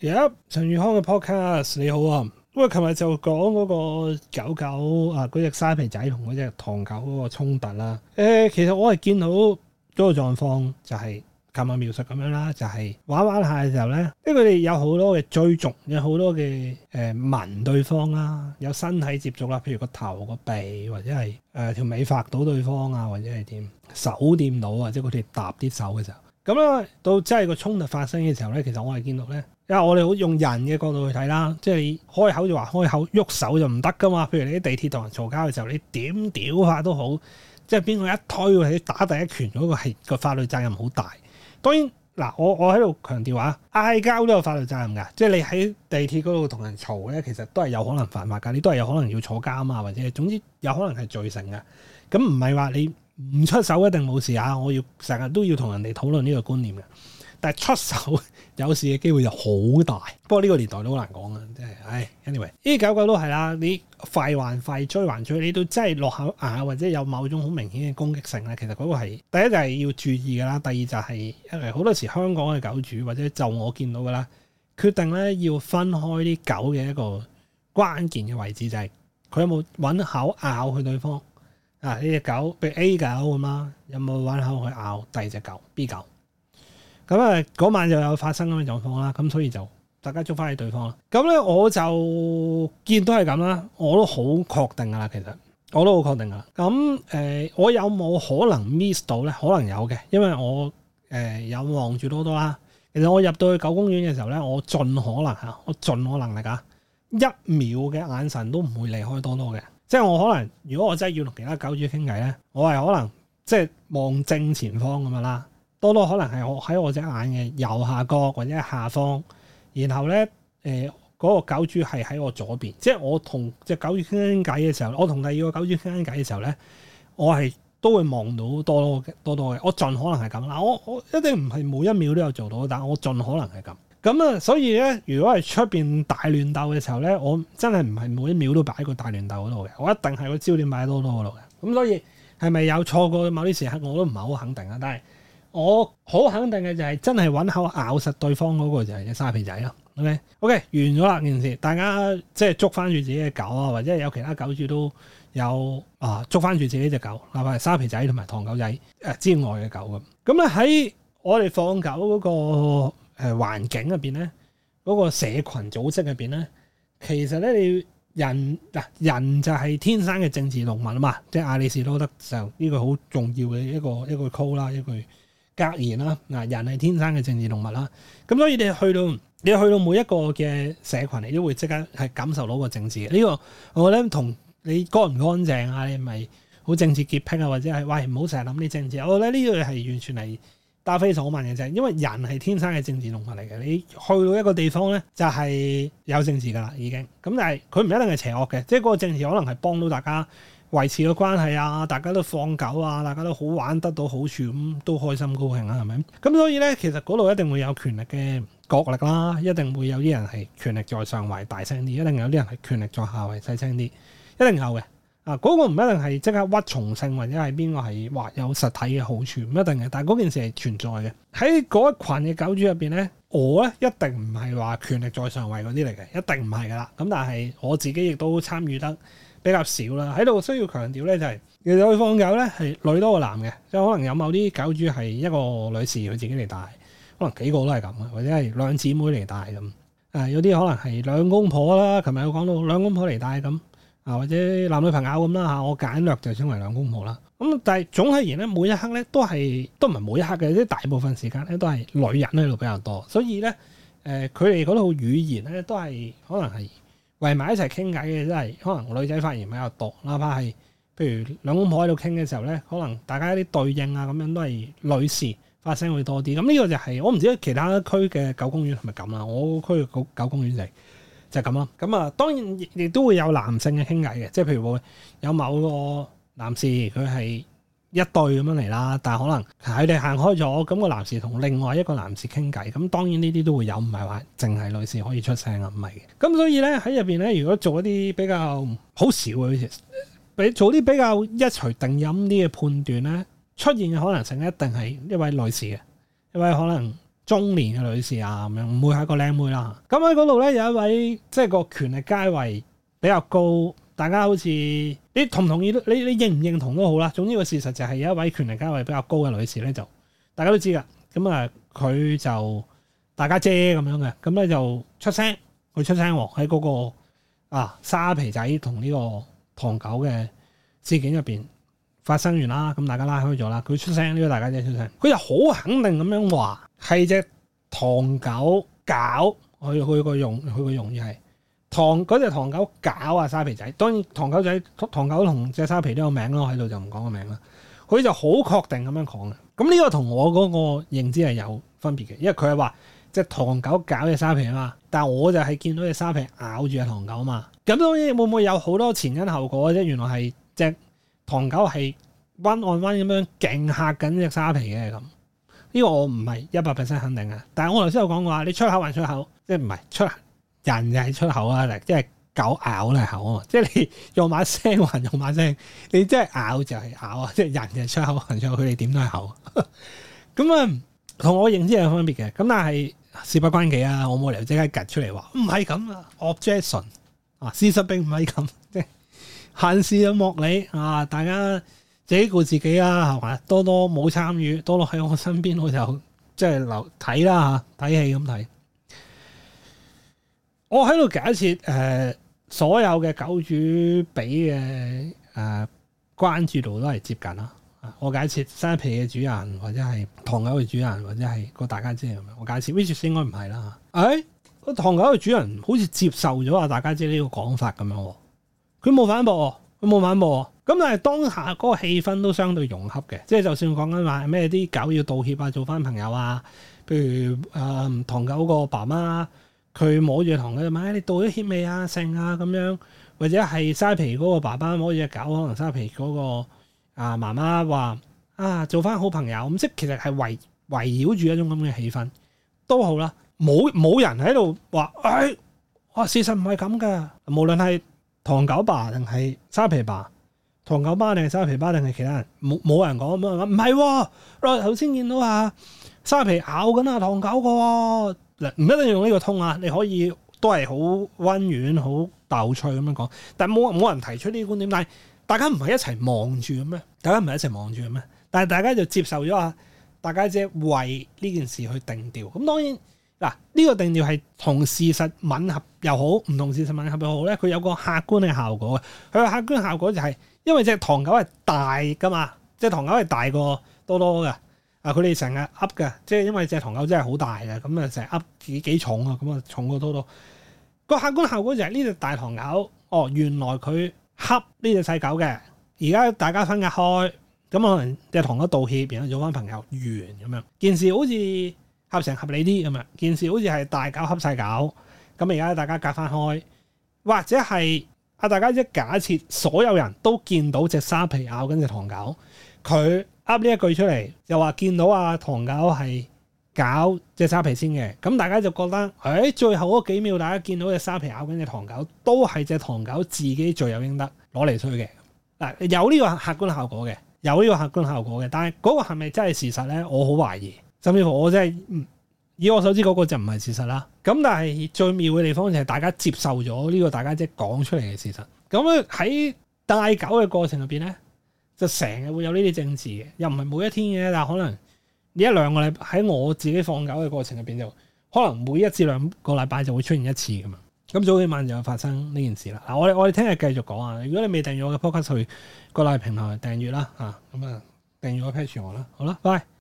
呀，yep, 陳宇康嘅 podcast 你好啊，因為琴日就講嗰個狗狗啊，嗰隻沙皮仔同嗰隻唐狗嗰個衝突啦。誒、呃，其實我係見到嗰個狀況就係琴日描述咁樣啦，就係、是、玩玩下嘅時候咧，因為佢哋有好多嘅追逐，有好多嘅誒聞對方啦，有身體接觸啦，譬如個頭、個鼻或者係誒條尾發到對方啊，或者係點手掂到或者佢哋搭啲手嘅時候，咁咧、啊、到真係個衝突發生嘅時候咧，其實我係見到咧。因為我哋好用人嘅角度去睇啦，即係你開口就話開口，喐手就唔得噶嘛。譬如你喺地鐵同人嘈交嘅時候，你點屌法都好，即係邊個一推你打第一拳嗰個係個法律責任好大。當然嗱，我我喺度強調話，嗌交都有法律責任㗎。即係你喺地鐵嗰度同人嘈咧，其實都係有可能犯法㗎，你都係有可能要坐監啊，或者總之有可能係罪成嘅。咁唔係話你唔出手一定冇事啊！我要成日都要同人哋討論呢個觀念嘅。但係出手有事嘅機會就好大，不過呢個年代都好難講啊！即係，唉，anyway，呢啲狗狗都係啦，你快還快追還追，你都真係落口咬或者有某種好明顯嘅攻擊性咧。其實嗰個係第一就係要注意噶啦，第二就係、是、因為好多時香港嘅狗主或者就我見到嘅啦，決定咧要分開啲狗嘅一個關鍵嘅位置就係、是、佢有冇揾口咬去對方啊？呢隻狗，譬如 A 狗咁啦，有冇揾口去咬第二隻狗 B 狗？咁啊，嗰晚又有發生咁嘅狀況啦，咁所以就大家捉翻去對方啦。咁咧，我就見都係咁啦，我都好確定噶啦、呃，其實我都好確定噶啦。咁誒我有冇可能 miss 到咧？可能有嘅，因為我誒有望住多多啦。其實我入到去狗公園嘅時候咧，我盡可能我盡可能嚟㗎，一秒嘅眼神都唔會離開多多嘅。即係我可能，如果我真係要同其他狗主傾偈咧，我係可能即係望正前方咁樣啦。多多可能係我喺我隻眼嘅右下角或者下方，然後咧誒嗰個狗主係喺我左邊，即係我同隻狗主傾緊偈嘅時候，我同第二個狗主傾緊偈嘅時候咧，我係都會望到多多嘅，我盡可能係咁啦，我我一定唔係每一秒都有做到，但我盡可能係咁咁啊！所以咧，如果係出邊大亂鬥嘅時候咧，我真係唔係每一秒都擺喺個大亂鬥嗰度嘅，我一定係個焦點擺喺多多嗰度嘅。咁所以係咪有錯過某啲時刻，我都唔係好肯定啊，但係。我好肯定嘅，就係真係搵口咬實對方嗰個就係隻沙皮仔咯，OK？OK？、OK? OK，完咗啦件事，大家即係捉翻住自己嘅狗啊，或者有其他狗主都有啊，捉翻住自己隻狗，哪怕沙皮仔同埋唐狗仔誒之外嘅狗咁。咁咧喺我哋放狗嗰個誒環境入邊咧，嗰、嗰個社群組織入邊咧，其實咧你人嗱人就係天生嘅政治動物啊嘛，即係亞里士多德就呢、呢個好重要嘅一個一個 call 啦，一句。格言啦，嗱，人係天生嘅政治動物啦，啊，咁所以你去到，你去到每一個嘅社群，你都會即刻係感受到個政治。呢，這個我覺得同你乾唔乾淨啊，你咪好政治潔癖啊，或者係喂唔好成日諗啲政治。我覺得呢個係完全係答非所問嘅。就係，因為人係天生嘅政治動物嚟嘅。你去到一個地方咧，就係、是，有政治噶啦，已經咁，但係佢唔一定係邪惡嘅，即、就、係、是，個政治可能係幫到大家。維持個關係啊，大家都放狗啊，大家都好玩，得到好處咁都開心高興啊，係咪？咁所以呢，其實嗰度一定會有權力嘅角力啦，一定會有啲人係權力在上位大聲啲，一定有啲人係權力在下位細聲啲，一定有嘅。啊，嗰個唔一定係即刻屈從性，或者係邊個係話有實體嘅好處，唔一定嘅。但係嗰件事係存在嘅。喺嗰一群嘅狗主入面呢，我呢，一定唔係話權力在上位嗰啲嚟嘅，一定唔係噶啦。咁但係我自己亦都參與得。比較少啦，喺度需要強調咧、就係，就係其實佢放狗咧係女多過男嘅，即可能有某啲狗主係一個女士佢自己嚟帶，可能幾個都係咁，或者係兩姊妹嚟帶咁，誒、呃、有啲可能係兩公婆啦，琴日有講到兩公婆嚟帶咁，啊或者男女朋友咁啦嚇，我簡略就稱為兩公婆啦。咁但係總體而言咧，每一刻咧都係都唔係每一刻嘅，即大部分時間咧都係女人喺度比較多，所以咧誒佢哋嗰套語言咧都係可能係。圍埋一齊傾偈嘅真係，可能女仔發言比較多，哪怕係譬如兩公婆喺度傾嘅時候咧，可能大家一啲對應啊咁樣都係女士發聲會多啲。咁、嗯、呢、這個就係、是、我唔知其他區嘅狗公園係咪咁啦，我區狗狗公園就就係咁啦。咁、嗯、啊，當然亦都會有男性嘅傾偈嘅，即係譬如有某個男士佢係。他是一對咁樣嚟啦，但可能佢哋行開咗，咁、那個男士同另外一個男士傾偈，咁當然呢啲都會有，唔係話淨係女士可以出聲啊，唔係嘅。咁所以咧喺入邊咧，如果做一啲比較好少嘅，好似你做啲比較一錘定音啲嘅判斷咧，出現嘅可能性一定係一位女士嘅，一位可能中年嘅女士啊咁樣，唔會係個靚妹啦。咁喺嗰度咧有一位即係、就是、個權力階位比較高。大家好似你同唔同意都，你你認唔認同都好啦。總之個事實就係有一位權力階位比較高嘅女士咧，就大家都知㗎。咁啊，佢就大家姐咁樣嘅，咁咧就出聲，佢出聲喎，喺嗰個啊沙皮仔同呢個唐狗嘅事件入面發生完啦。咁大家拉開咗啦，佢出聲，呢個大家姐出聲，佢就好肯定咁樣話係隻唐狗搞佢，佢個用佢個用意係。唐嗰隻唐狗搞啊沙皮仔，當然唐狗仔唐狗同隻沙皮都有名啦，我喺度就唔講個名啦。佢就好確定咁樣講啦。咁呢個同我嗰個認知係有分別嘅，因為佢係話隻唐狗搞隻沙皮啊嘛。但係我就係見到隻沙皮咬住隻唐狗啊嘛。咁當然會唔會有好多前因後果，即原來係隻唐狗係彎按彎咁樣勁嚇緊隻沙皮嘅咁。呢、呢個我唔係一百 percent 肯定啊。但係我頭先有講過話，你出口還出口，即係唔係出啊？人就係出口啊，即係狗咬咧口啊，即係你用把聲還用把聲，你即係咬就係咬啊，即係人就出口，還口佢哋點都係口。咁啊，同我認知係有分別嘅，咁但係事不關己啊，我冇理由即刻趌出嚟話唔係咁啊 objection 啊，事實並唔係咁，即係閒事就莫理啊，大家自己顧自己啦，係嘛？多多冇參與，多多喺我身邊，我就即係留睇啦吓，睇戲咁睇。我喺度假設誒，所有嘅狗主俾嘅誒關注度都係接近啦、啊。我假設生皮嘅主人，或者係唐狗嘅主人，或者係個大家姐咁樣。我假設 w i c s u 應該唔係啦。誒個唐狗嘅主人好似接受咗啊，大家姐呢個講法咁樣。佢冇反駁，佢冇反駁。咁但係當下嗰個氣氛都相對融洽嘅，即係就算講緊話咩啲狗要道歉啊，做翻朋友啊，譬如誒唐、呃、狗個爸媽。佢摸住糖的，佢、哎，就問你道咗歉未啊？剩啊咁樣，或者係沙皮嗰個爸爸摸住隻狗，可能沙皮嗰個啊媽媽話啊，做翻好朋友咁，即係其實係圍圍繞住一種咁嘅氣氛都好啦。冇冇人喺度話，唉、哎，哇，事實唔係咁噶。無論係糖狗爸定係沙皮爸，糖狗爸定係沙皮爸定係其他人，冇冇人講唔係喎，頭先見到啊，沙皮咬緊啊糖狗個。唔一定要用呢個通啊，你可以都係好溫婉、好逗趣咁樣講，但係冇冇人提出呢個觀點。但係大家唔係一齊望住嘅咩？大家唔係一齊望住嘅咩？但係大家就接受咗啊，大家即係為呢件事去定調。咁當然嗱，呢、呢個定調係同事實吻合又好，唔同事實吻合又好咧，佢有一個客觀嘅效果嘅。佢個客觀效果就係、係、因為隻唐狗係大㗎嘛，隻唐狗係大過多多嘅。啊！佢哋成日噏嘅，即係因為隻唐狗真係好大嘅，咁啊成日噏幾幾重啊，咁啊重到多多。個客觀效果就係呢隻大唐狗，哦，原來佢恰呢隻細狗嘅，而家大家分隔開，咁可能隻唐狗道歉，然後做翻朋友完咁樣，件事好似合成合理啲咁樣。件事好似係大狗恰細狗，咁而家大家隔翻開，或者係啊大家一假設所有人都見到隻沙皮咬緊隻唐狗，佢噏呢一句出嚟，又話見到阿唐狗係搞隻沙皮先嘅，咁大家就覺得，誒、哎、最後嗰幾秒大家見到隻沙皮咬緊隻唐狗，都係隻唐狗自己罪有應得攞嚟衰嘅，嗱有呢個客觀效果嘅，有呢個客觀效果嘅，但係嗰個係咪真係事實咧？我好懷疑，甚至乎我真、就、係、是嗯、以我所知嗰個就唔係事實啦。咁但係最妙嘅地方就係大家接受咗呢個，大家即係講出嚟嘅事實。咁喺帶狗嘅過程入邊咧？就成日會有呢啲政治嘅，又唔係每一天嘅，但係可能呢一兩個禮喺我自己放狗嘅過程入面就，就可能每一至兩個禮拜就會出現一次咁，咁早幾晚就發生呢件事啦。嗱、啊，我我哋聽日繼續講啊，如果你未訂閱我嘅 podcast 去各大平台訂閱啦，咁啊就訂閱我 page 我啦，好啦，拜拜。